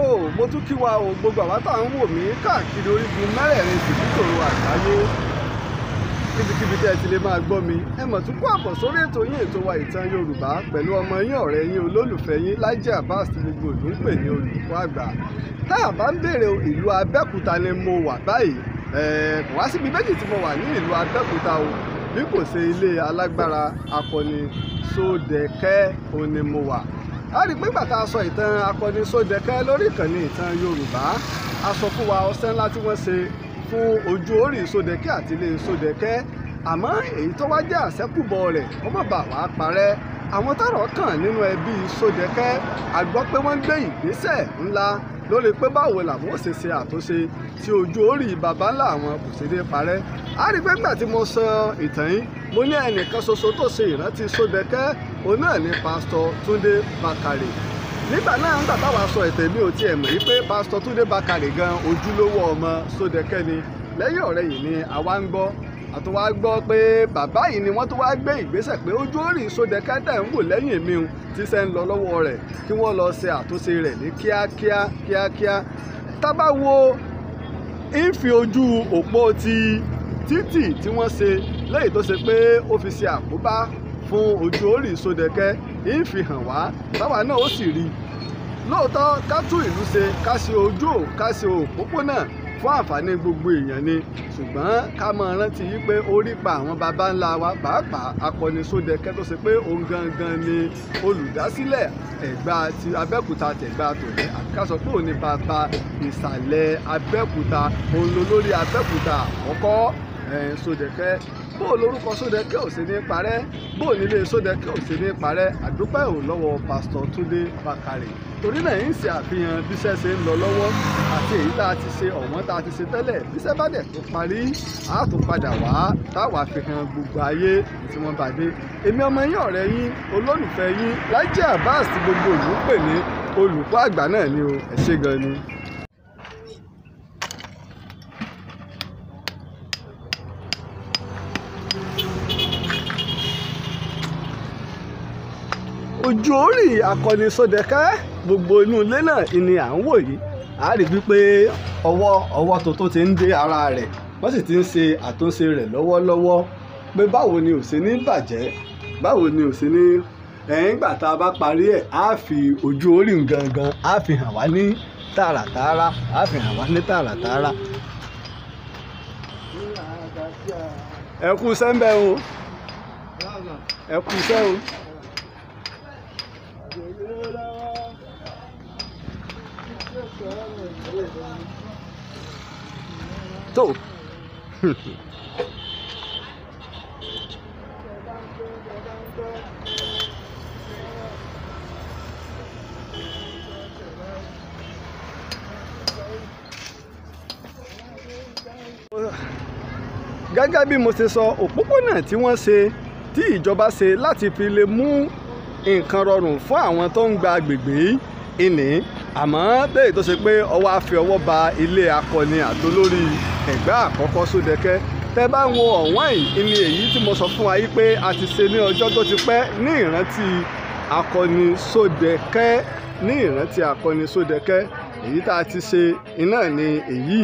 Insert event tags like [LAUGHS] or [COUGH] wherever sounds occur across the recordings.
tó o mo tún kí wa o gbogbo àwa ń wò mí káàkiri orígun mẹ́rẹ̀ẹ̀rin tìbítòrò àgbáyé kíbikíbi tẹ́ ẹ ti lè máa gbọ́ mi ẹ mọ̀ tún kó àbọ̀ sórí ètò yín ètò wa ìtàn Yorùbá pẹ̀lú ọmọ yín ọ̀rẹ́ yín olólùfẹ́ yín Laji Abbas gbogbo ìlú ń pè ní olùkọ́ àgbà tá a bá ń béèrè ìlú Abẹ́òkúta ni mo wà báyìí kò wá síbi méjì tí mo wà ní ìlú Abẹ́òkúta o bí kò ṣe ilé alágbára akọni Sódẹ̀kẹ́ òní mo wà a rí i pé ìgbà tá a sọ ìtàn akọni Sódẹkẹ lórí ìkànnì ìtàn Yorùbá a sọ fún wa ọṣẹ́ ńlá tí wọ́n ṣe fún ojú orí Sódẹkẹ àti ilé Sódẹkẹ àmọ́ èyí tó wá jẹ́ àṣẹ́kùbọ̀ rẹ̀ ó má bàa wá parẹ́ àwọn tọ́rọ̀ kàn nínú ẹbí Sódẹkẹ a gbọ́ pé wọ́n ń gbé ìgbésẹ̀ ńlá lórí pé báwo làwọn ṣe ṣe àtúnṣe tí ojú orí baba ńlá àwọn kò ṣe dé parẹ́ a rí i pé nígbà tí mo sọ ìtàn yìí mo ní ẹnìkan ṣoṣo tó ṣe ìrántí Sódẹkẹ òun náà ni pásítọ̀ Túndé Bákàrè nígbà náà ń tàtà wàá sọ ètè mi ò tiẹ̀ mọ̀ wípé pásítọ̀ Túndé Bákàrè gan ojúlówó ọmọ Sódẹ́kẹ́ ni lẹ́yìn ọ̀rẹ́ yìí ni àwa ń gbọ́ àti wá gbọ́ pé bàbá yìí ni wọ́n tó wá gbé ìgbésẹ̀ pé ojú orí Sódẹ́kẹ́ tẹ̀ ń wò lẹ́yìn mi ti ṣe ń lọ lọ́wọ́ rẹ̀ kí wọ́n lọ ṣe àtúnṣe rẹ̀ ní kíákíá kíákíá tábà wo ìfi ojú òpó ti títì tí wọ́n ṣe lẹ́yìn tó ṣe pé ó fi ṣe àkóbá fún ojú orí Ṣódẹkẹ́ ìfihàn wá báwa náà ó sì rí i lóòótọ́ ká tún ìlú ṣe ká ṣe ojú ò ká ṣe òpópónà fún àǹfààní gbogbo èèyàn ni ṣùgbọ́n ká máa rántí yí pé orí pa àwọn baba ńlá wa pàápàá akọni Ṣódẹkẹ́ tó ṣe pé òun gangan ni olùdásílẹ̀ Ẹ̀gbá ti Abẹ́òkúta tẹ̀gbá tòní àti ká sọ pé òun ni bàbá ìsàlẹ̀ Abẹ́òkúta òun lolórí Abẹ́òkúta àkọ́kọ́ Sódẹ̀kẹ́ bóò lórúkọ Sódẹ̀kẹ́ ò sí ní parẹ́ bóò nílé Sódẹ̀kẹ́ ò sí ní parẹ́ àdúpẹ́ ò lọ́wọ́ pásítọ̀ Túndé Bákàrè torí náà ń ṣe àfihàn bíṣẹ́ ṣe ń lọ lọ́wọ́ àti èyí tá a ti ṣe ọ̀wọ́n tá a ti ṣe tẹ́lẹ̀ bíṣẹ́ bá dẹ̀ tó parí a tó padà wá táwa fi hàn gbogbo ayé tí wọ́n bá dé èmi ọmọ yín ọ̀rẹ́ yín olólùfẹ́ yín Laji Abbas tí gbogbo ìlú pè ní olùkọ́ àgbà náà ni o ẹ ṣé gan ni. ojú orí akọni Ṣódẹkẹ́ gbogbo inú ilé náà ni à ń wò yìí a rí bíi pé ọwọ́ ọwọ́ tuntun ti ń dé ara rẹ̀ wọ́n sì ti ń ṣe àtúnṣe rẹ̀ lọ́wọ́lọ́wọ́ pé báwo ni ò sí ní bàjẹ́ báwo ni ò sí ní ẹ̀yìn gbà tá a bá parí ẹ̀ á fi ojú orí gangan á fi hàn wá ní tààràtààrà á fi hàn wá ní tààràtààrà. ẹ kú sẹ́ńbẹ́ o ẹ kú sẹ́ o. To. gẹ́gẹ́ bí mo ṣe sọ òpópónà tí wọ́n ṣe tí ìjọba ṣe láti fi lè mú nǹkan rọrùn fún àwọn tó ń gba agbègbè yìí ìní àmọ́ bẹ́ẹ̀ tó ṣe pé ọwọ́ àfi ọwọ́ ba ilé akọni àtolórí Ẹ̀gbá àkọ́kọ́ Sódẹ̀kẹ́ tẹ́ bá wo ọ̀wọ́n yìí ni èyí tí mo sọ fún wa yìí pé a ti ṣe ní ọjọ́ tó ti pẹ́ ní ìrántí akọni Sódẹ̀kẹ́ ní ìrántí akọni Sódẹ̀kẹ́ èyí tá a ti ṣe iná ni èyí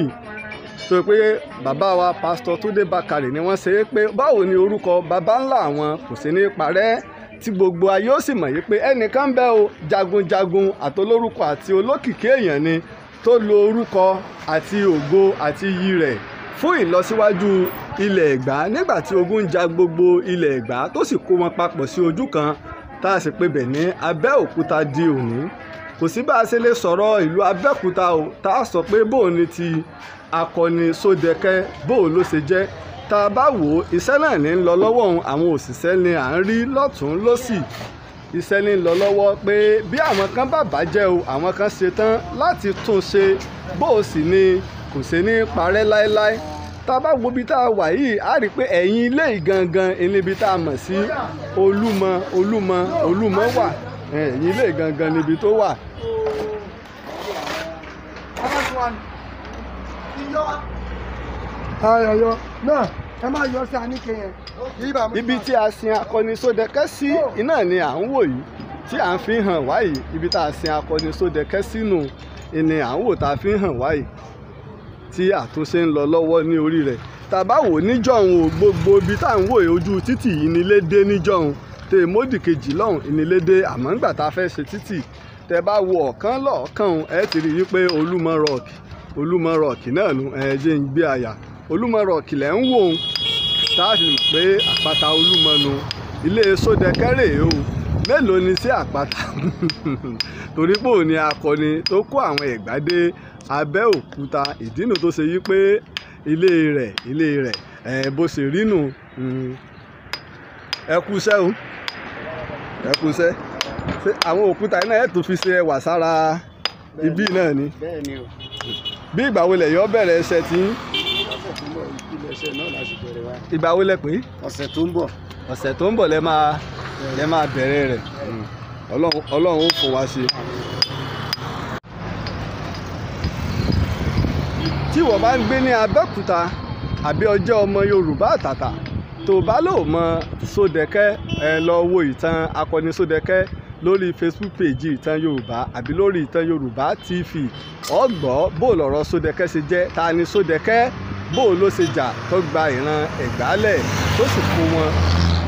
tó pé bàbá wa pásítọ̀ Túndé Bákàrè ni wọ́n ṣe é pé báwo ni orúkọ bàbá ńlá àwọn kò ṣe ní parẹ́ tí gbogbo ayé ó sì mọ̀ yí pé ẹnìkan bẹ́ o jagunjagun àtolórúkọ àti olókìkí èèyàn ni tó lo orúkọ àti ògo àti iyì rẹ̀ fún ìlọsíwájú ilẹ̀ ẹ̀gbá nígbà tí ogun ja gbogbo ilẹ̀ ẹ̀gbá tó sì kó wọn papọ̀ sí ojú kan tá a sì pe bẹ̀ ní abẹ́òkúta di òní kò sí bá a ṣe lè sọ̀rọ̀ ìlú abẹ́òkúta o tá a sọ pé bóun ni ti akọni sódẹkẹ́ bóun ló ṣe jẹ́ tá a bá wò ó iṣẹ́ náà ní ń lọ lọ́wọ́ òun àwọn òṣìṣẹ́ ni à ń rí lọ́tún lọ́sì iṣẹ́ ní ń lọ lọ́wọ́ pé bí àwọn kan bá bàjẹ́ o àwọn kan ṣe tán láti tún ṣe bó o sì ni kò ṣe ní parẹ́ láéláé tá a bá wo ibi tá a wà yìí a rí i pé ẹ̀yìn ilé ìgangan níbi tá a mọ̀ sí olúmọ olúmọ olúmọ wà ẹ̀yìn ilé ìgangan níbi tó wà ayọyọ náà ẹ má yọ sí àníkè yẹn. ibi tí a sin akọni Sódẹkẹ sí oh. iná ni à ń wò yìí tí à ń fi hàn wá yìí ibi tá a sin akọni Sódẹkẹ sínú ni à ń wò tá a fi hàn wá yìí tí àtúnṣe ń lọ lọ́wọ́ ní orí rẹ̀ tàbá níjọ̀hún o gbogbo ibi tá à ń wò ojú títì yìí níjọ̀hún tè módì kejì lọ́hùn ìnílé dé àmọ́ ńgbà tá a fẹ́ ṣe títì tẹ bá wo ọ̀kan lọ́ọ̀kan ẹ ti rí i pé Olúmọ rọ̀ọ̀kì Olúmọ rọ̀ọ̀kì náà nu ẹ̀ẹ́dẹ́ ń gbé àyà Olúmọ rock lẹ̀ ń wò ó tá a fi mọ̀ pé àpáta Olúmọ nu ilé Sódẹkẹ́ rèé o mélòó ni sí àpáta [LAUGHS] torí pò ní akọni tó kó àwọn Ẹ̀gbá dé Abẹ́òkúta ìdínú tó ṣe yí pé ilé rẹ̀ ilé rẹ̀ ẹ̀ bó ṣe rí nù hmm. ẹ o ẹ kúṣẹ́ ṣe àwọn òkúta iná ẹ̀ fi ṣe ẹwà sára ibí náà ni bí ìgbà wo lẹ̀ yọ bẹ̀rẹ̀ ẹsẹ̀ tí iṣẹ́ náà la ṣe bẹ̀rẹ̀ wa. ìgbà wo lẹ pé. ọ̀sẹ̀ tó ń bọ̀. ọ̀sẹ̀ tó ń bọ̀ lẹ máa lẹ máa bẹ̀rẹ̀ rẹ̀ mm. ọlọ́run ó fò wá ṣe. tí wọ́n bá ń gbé ní Abẹ́òkúta àbí ọjọ́ ọmọ Yorùbá àtàtà tó bá lò mọ Sódẹ̀kẹ́ ẹ lọ wo ìtàn akọni Sódẹ̀kẹ́ lórí Facebook page ìtàn Yorùbá àbí lórí ìtàn Yorùbá TV ọgbọ́ bó lọ̀rọ̀ Sódẹ̀kẹ́ ṣe jẹ́ ta ni Sódẹ̀kẹ́ bó o ló ṣe jà tó gba ìran ẹ̀gbálẹ̀ tó sì kó wọn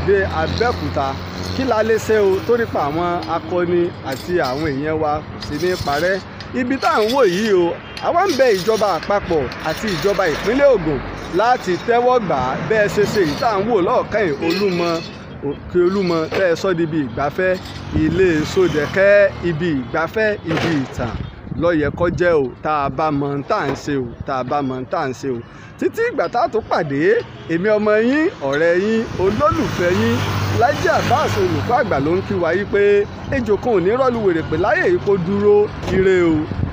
dé abẹ́òkúta kí la lè ṣe o torí pa àwọn akọni àti àwọn èèyàn wa kò sí ní parẹ́ ibi tá à ń wò yìí o àwa ń bẹ ìjọba àpapọ̀ àti ìjọba ìpínlẹ̀ Ògùn láti tẹ́wọ́ gbà á bẹ́ẹ̀ ṣe ṣe èyí tá à ń wò lọ́ọ̀kan yìí Olúmọ Òkè Olúmọ tẹ́ ẹ sọ́ di ibi ìgbafẹ́ ilé Sódẹ̀kẹ́ ibi ìgbafẹ́ ibi ìtàn lọ́yẹ kọjẹ́ o tá a bá mọ̀ ń tà ń ṣe o tá a bá mọ̀ ń tà ń ṣe o títí ìgbà tá a tó pàdé èmi ọmọ yín ọ̀rẹ́ yín olólùfẹ́ yín Laji Abbas olùkọ́ àgbà ló ń kí wa yí pé ejò kan ò ní rọ́ọ̀lù wèrè pè láyè yìí dúró ire o.